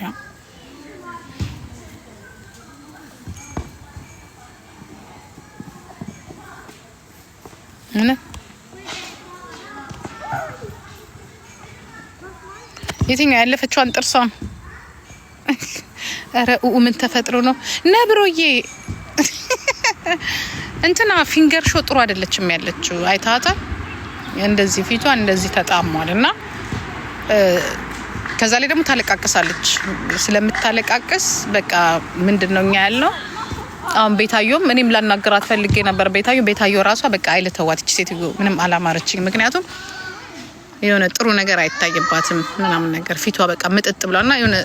Ja. ምን የትኛው ያለፈችዋን ጥርሷን ኧረ ኡ ምን ተፈጥሮ ነው ነብሮዬ? እንትና ፊንገር ሾ ጥሩ አይደለችም ያለችው አይታታ እንደዚህ ፊቷን እንደዚህ ተጣሟል እና ከዛ ላይ ደግሞ ታለቃቅሳለች። ስለምታለቃቅስ በቃ ምንድን ነው እኛ ያልነው አሁን ቤታዮም እኔም ላናገራት ፈልጌ ነበር። ቤታዮ ቤታዮ ራሷ በቃ አይልተዋት እቺ ሴትዮ ምንም አላማረችኝ። ምክንያቱም የሆነ ጥሩ ነገር አይታይባትም ምናምን ነገር ፊቷ በቃ ምጥጥ ብሏና የሆነ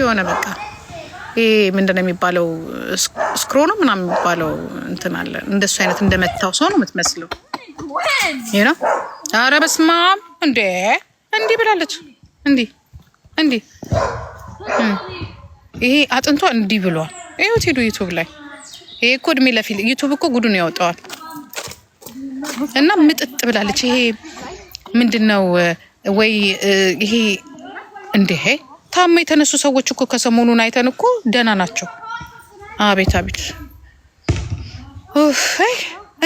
የሆነ በቃ ይሄ ምንድን ነው የሚባለው ስክሮ ነው ምናምን የሚባለው እንትን አለ። እንደሱ አይነት እንደመታው ሰው ነው የምትመስለው ነው። አረ በስመ አብ እንዴ! እንዲህ ብላለች። እንዲህ እንዲህ ይሄ አጥንቷ እንዲህ ብሏል። ይኸውት ሄዱ ዩቱብ ላይ ይሄ እኮ እድሜ ለፊል ዩቱብ እኮ ጉዱን ያወጣዋል። እና ምጥጥ ብላለች። ይሄ ምንድን ነው ወይ ይሄ እንደ ታማ የተነሱ ሰዎች እኮ ከሰሞኑን አይተን እኮ ደህና ናቸው። አቤት አቤት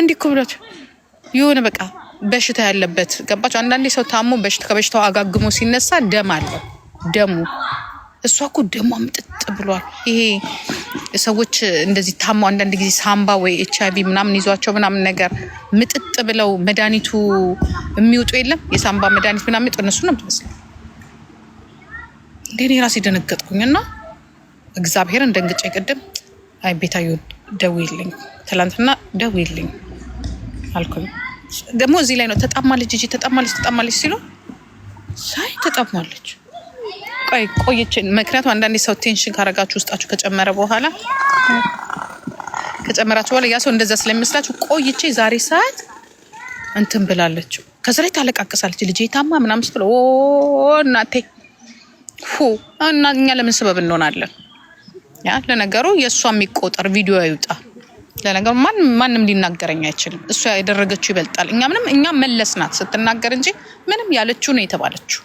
እንዲህ እኮ ብሏቸው የሆነ በቃ በሽታ ያለበት ገባቸው። አንዳንዴ ሰው ታሞ ከበሽታው አጋግሞ ሲነሳ ደም አለው። ደሙ እሷ እኮ ደሟ ምጥጥ ብሏል። ይሄ ሰዎች እንደዚህ ታሞ አንዳንድ ጊዜ ሳምባ ወይ ኤች አይቪ ምናምን ይዟቸው ምናምን ነገር ምጥጥ ብለው መድኃኒቱ የሚውጡ የለም የሳምባ መድኃኒት ምናምን ጥ እነሱ ነው ትመስል እንዴ እኔ ራሴ ደነገጥኩኝ እና እግዚአብሔርን ደንግጬ ቅድም አይ ቤታዮ ደው ትላንትና ደው አልኩኝ። ደግሞ እዚህ ላይ ነው ተጣማለች፣ እ ተጣማለች፣ ተጣማለች ሲሉ ሳይ ተጣማለች። ቆይ ቆይች። ምክንያቱም አንዳንዴ ሰው ቴንሽን ካረጋችሁ ውስጣችሁ ከጨመረ በኋላ ከጨመራችሁ በኋላ ያ ሰው እንደዛ ስለሚመስላችሁ ቆይቼ ዛሬ ሰዓት እንትን ብላለችው። ከዛ ላይ ታለቃቅሳለች። ልጅ የታማ ምናምን ስትለው እናቴ ሁ እና እኛ ለምን ስበብ እንሆናለን? ያ ለነገሩ የእሷ የሚቆጠር ቪዲዮ ይውጣ። ለነገሩ ማንም ማንም ሊናገረኝ አይችልም። እሷ ያደረገችው ይበልጣል። እኛ ምንም እኛ መለስ ናት ስትናገር እንጂ ምንም ያለችው ነው የተባለችው።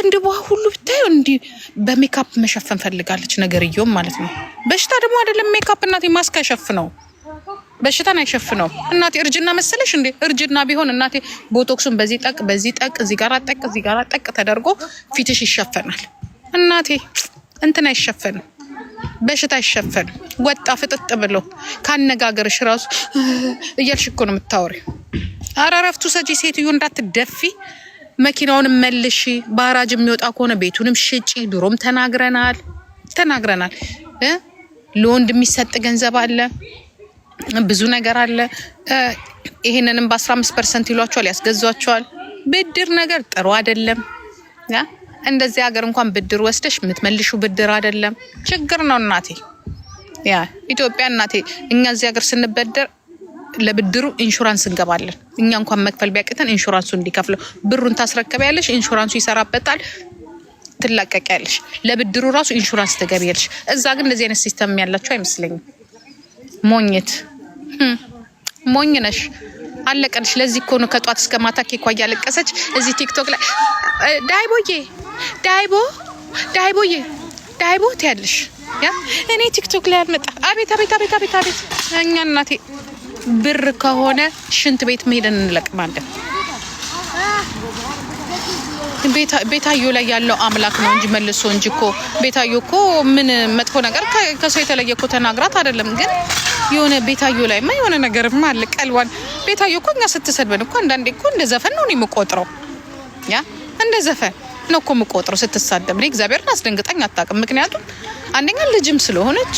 ቅንድቧ ሁሉ ብታዩ እንዲህ በሜካፕ መሸፈን ፈልጋለች፣ ነገርየውም ማለት ነው። በሽታ ደግሞ አይደለም ሜካፕ እናቴ ማስክ አይሸፍነው፣ በሽታን አይሸፍነው እናቴ። እርጅና መሰለሽ እንዴ? እርጅና ቢሆን እናቴ ቦቶክሱን በዚህ ጠቅ፣ በዚህ ጠቅ፣ እዚህ ጋራ ጠቅ፣ እዚህ ጋር ጠቅ ተደርጎ ፊትሽ ይሸፈናል እናቴ። እንትን አይሸፈንም። በሽታ አይሸፈንም። ወጣ ፍጥጥ ብሎ ካነጋገርሽ ራሱ እያልሽ እኮ ነው የምታወሪ። ኧረ እረፍቱ ሰጪ ሴትዮ እንዳትደፊ። መኪናውንም መልሺ፣ ባራጅ የሚወጣ ከሆነ ቤቱንም ሽጪ። ድሮም ተናግረናል ተናግረናል። ለወንድ የሚሰጥ ገንዘብ አለ፣ ብዙ ነገር አለ። ይሄንንም በ15 ፐርሰንት ይሏቸዋል፣ ያስገዟቸዋል። ብድር ነገር ጥሩ አይደለም። እንደዚህ ሀገር እንኳን ብድር ወስደሽ የምትመልሹ ብድር አይደለም። ችግር ነው እናቴ። ያ ኢትዮጵያ እናቴ፣ እኛ እዚህ ሀገር ስንበደር ለብድሩ ኢንሹራንስ እንገባለን። እኛ እንኳን መክፈል ቢያቅተን ኢንሹራንሱ እንዲከፍለው፣ ብሩን ታስረከቢያለሽ፣ ኢንሹራንሱ ይሰራበታል፣ ትላቀቂያለሽ። ለብድሩ ራሱ ኢንሹራንስ ትገቢያለሽ። እዛ ግን እንደዚህ አይነት ሲስተም ያላቸው አይመስለኝም። ሞኝት ሞኝ ነሽ። አለቀልሽ። ለዚህ እኮ ነው ከጧት እስከ ማታ ኬኳ እያለቀሰች እዚህ ቲክቶክ ላይ ዳይቦዬ ዳይቦ ዳይቦዬ ዳይቦ ትያለሽ። ያ እኔ ቲክቶክ ላይ አልመጣ። አቤት አቤት አቤት አቤት አቤት። እኛ እናቴ ብር ከሆነ ሽንት ቤት መሄደን እንለቅማለን። ቤታዮ ላይ ያለው አምላክ ነው እንጂ መልሶ እንጂ እኮ ቤታዮ እኮ ምን መጥፎ ነገር ከሰው የተለየ እኮ ተናግራት አይደለም። ግን የሆነ ቤታዮ ማ የሆነ ነገር አለ። ቀልዋን። ቤታዮ እኮ እኛ ስትሰድበን እኮ አንዳንዴ እኮ እንደ ዘፈን ነው እኔ የምቆጥረው ያ እንደ ዘፈን ነው እኮ የምቆጥረው ስትሳደብ። እኔ እግዚአብሔርን አስደንግጣኝ አታውቅም። ምክንያቱም አንደኛ ልጅም ስለሆነች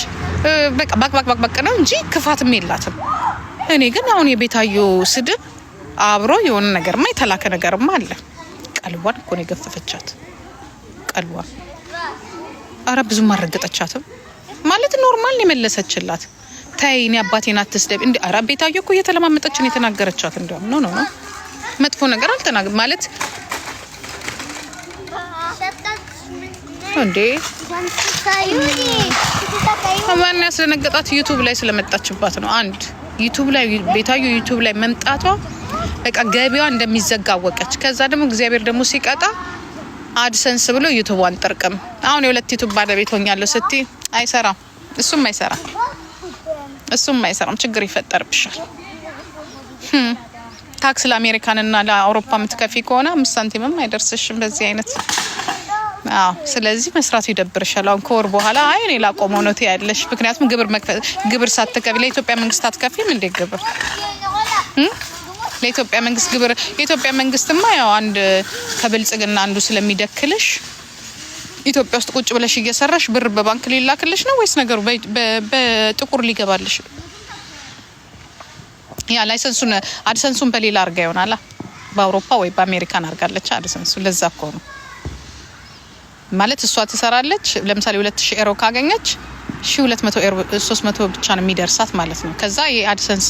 በቃ ነው እንጂ ክፋትም የላትም። እኔ ግን አሁን የቤታዮ ስድብ አብሮ የሆነ ነገርማ የተላከ ነገርማ አለ። ቀልቧን እኮ ነው የገፈፈቻት። ቀልቧን አረ ብዙም አልረገጠቻትም ማለት ኖርማል የመለሰችላት ተይ እኔ አባቴን አትስደብ እንዲ አረ ቤታዮ እኮ እየተለማመጠችን የተናገረቻት እንዲያውም ኖ ነው ነው መጥፎ ነገር አልተናገ ማለት እንዴ ማን ያስደነገጣት? ዩቱብ ላይ ስለመጣችባት ነው። አንድ ዩቱብ ላይ ቤታዩ ዩቱብ ላይ መምጣቷ በቃ ገቢዋ እንደሚዘጋ አወቀች። ከዛ ደግሞ እግዚአብሔር ደግሞ ሲቀጣ አድሰንስ ብሎ ዩቱቧን ጥርቅም። አሁን የሁለት ዩቱብ ባለቤት ሆኛለሁ ስቲ አይሰራም። እሱም አይሰራም። እሱም አይሰራም። ችግር ይፈጠርብሻል። ታክስ ለአሜሪካንና ለአውሮፓ ምትከፊ ከሆነ አምስት ሳንቲምም አይደርስሽም በዚህ አይነት ስለዚህ መስራት ይደብርሻል። አሁን ከወር በኋላ አይ እኔ ላቆመው ነው ትያለሽ። ምክንያቱም ግብር መክፈል ግብር ሳትከፍይ ለኢትዮጵያ መንግስት አትከፍይም እንዴ ግብር ለኢትዮጵያ መንግስት ግብር የኢትዮጵያ መንግስትማ ያው አንድ ከብልጽግና አንዱ ስለሚደክልሽ ኢትዮጵያ ውስጥ ቁጭ ብለሽ እየሰራሽ ብር በባንክ ሊላክልሽ ነው ወይስ ነገሩ በጥቁር ሊገባልሽ? ያ ላይሰንሱን አድሰንሱን በሌላ አርጋ ይሆናላ። በአውሮፓ ወይ በአሜሪካን አርጋለች አድሰንሱ። ለዛ እኮ ነው ማለት እሷ ትሰራለች። ለምሳሌ ሁለት ኤሮ ካገኘች ሺ ኤሮ ብቻ ነው የሚደርሳት ማለት ነው። ከዛ የአድሰንስ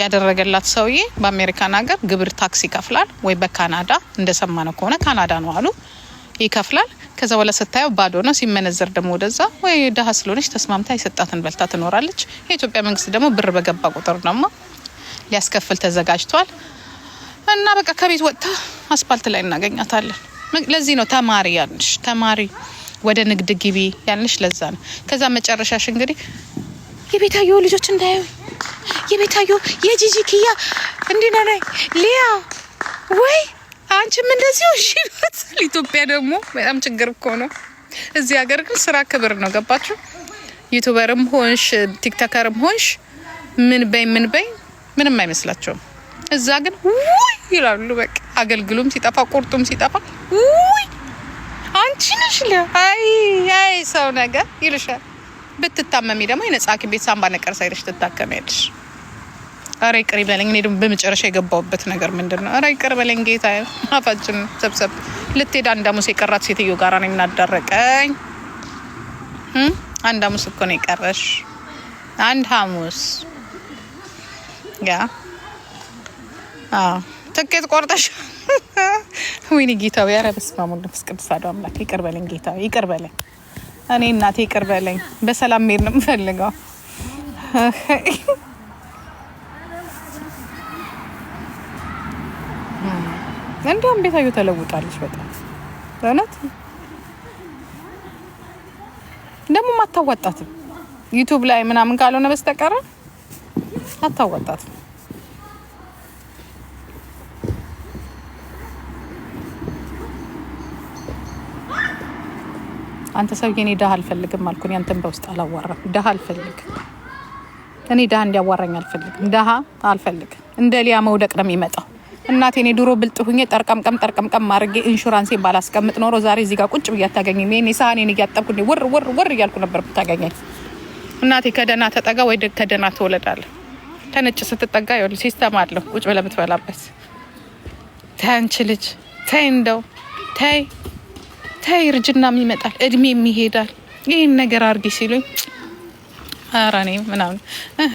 ያደረገላት ሰውዬ በአሜሪካን ሀገር ግብር ታክስ ይከፍላል ወይ በካናዳ እንደሰማ ነው ከሆነ ካናዳ ነው አሉ ይከፍላል። ከዛ በኋላ ስታየው ባዶ ነው። ሲመነዘር ደግሞ ወደዛ ወይ ድሀ ስለሆነች ተስማምታ የሰጣትን በልታ ትኖራለች። የኢትዮጵያ መንግስት ደግሞ ብር በገባ ቁጥር ደግሞ ሊያስከፍል ተዘጋጅቷል። እና በቃ ከቤት ወጥታ አስፓልት ላይ እናገኛታለን። ለዚህ ነው ተማሪ ያልንሽ፣ ተማሪ ወደ ንግድ ግቢ ያልንሽ ለዛ ነው። ከዛ መጨረሻሽ እንግዲህ የቤታየው ልጆች እንዳዩ የቤታየው የጂጂ ክያ እንዲነና ሊያ ወይ አንቺም እንደዚህ እሺ ይሏታል። ኢትዮጵያ ደግሞ በጣም ችግር እኮ ነው። እዚህ ሀገር ግን ስራ ክብር ነው። ገባችሁ? ዩቱበርም ሆንሽ ቲክቶከርም ሆንሽ ምን በይ ምን በይ ምንም አይመስላቸውም። እዛ ግን ውይ ይላሉ። በቃ አገልግሉም ሲጠፋ ቁርጡም ሲጠፋ ውይ አንቺ ነሽ ለ አይ አይ ሰው ነገር ይልሻል። ብትታመሚ ደግሞ የነጻ ሐኪም ቤት ሳምባ ነቀርሳ ሄደሽ ትታከሚያለሽ። ይቅር እኔ ደግሞ በመጨረሻ የገባሁበት ነገር ምንድን ነው? ይቅር በለኝ ጌታ። አፋችን ሰብሰብ ልትሄድ አንድ ሐሙስ የቀራት ሴትዮ ጋራ ነው የምናዳረቀኝ። አንድ ሐሙስ እኮ ነው የቀረሽ። አንድ ሐሙስ ያ ትኬት ቆርጠሻል። ወይኔ ጌታዊ፣ ኧረ በስመ አብ ወመንፈስ ቅዱስ አሐዱ አምላክ። ይቅር በለኝ ጌታዊ፣ ይቅር በለኝ እኔ እናቴ፣ ይቅር በለኝ። በሰላም መሄድ ነው የምፈልገው። እንዲሁም ቤታዩ ተለውጣለች በጣም በእውነት ደግሞ አታዋጣትም ዩቱብ ላይ ምናምን ካልሆነ በስተቀረ አታዋጣትም። አንተ ሰውዬ እኔ ድሀ አልፈልግም አልኩ። አንተን በውስጥ አላዋራም። ድሀ አልፈልግም እኔ ድሀ እንዲያዋራኝ አልፈልግም። ድሀ አልፈልግም። እንደ ሊያ መውደቅ ነው የሚመጣው። እናቴ እኔ ድሮ ብልጥ ሁኜ ጠርቀምቀም ጠርቀምቀም አድርጌ ኢንሹራንሴን ባላስቀምጥ ኖሮ ዛሬ እዚህ ጋር ቁጭ ብዬ አታገኝም። ይሄኔ ሳህኔን እያጠብኩ ውር ውር ውር እያልኩ ነበር ብታገኘኝ። እናቴ ከደህና ተጠጋ ወይ ከደህና ትወለዳለህ። ተነጭ ስትጠጋ ይኸውልህ ሲስተም አለው ቁጭ ብለህ የምትበላበት። ተይ አንቺ ልጅ ተይ፣ እንደው ተይ ተይ እርጅናም ይመጣል እድሜም ይሄዳል። ይህን ነገር አርጊ ሲሉኝ ኧረ እኔ ምናምን